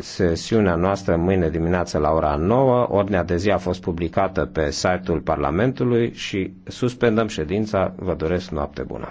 sesiunea noastră mâine dimineață la ora 9. Ordinea de zi a fost publicată pe site-ul Parlamentului și suspendăm ședința. Vă doresc noapte bună!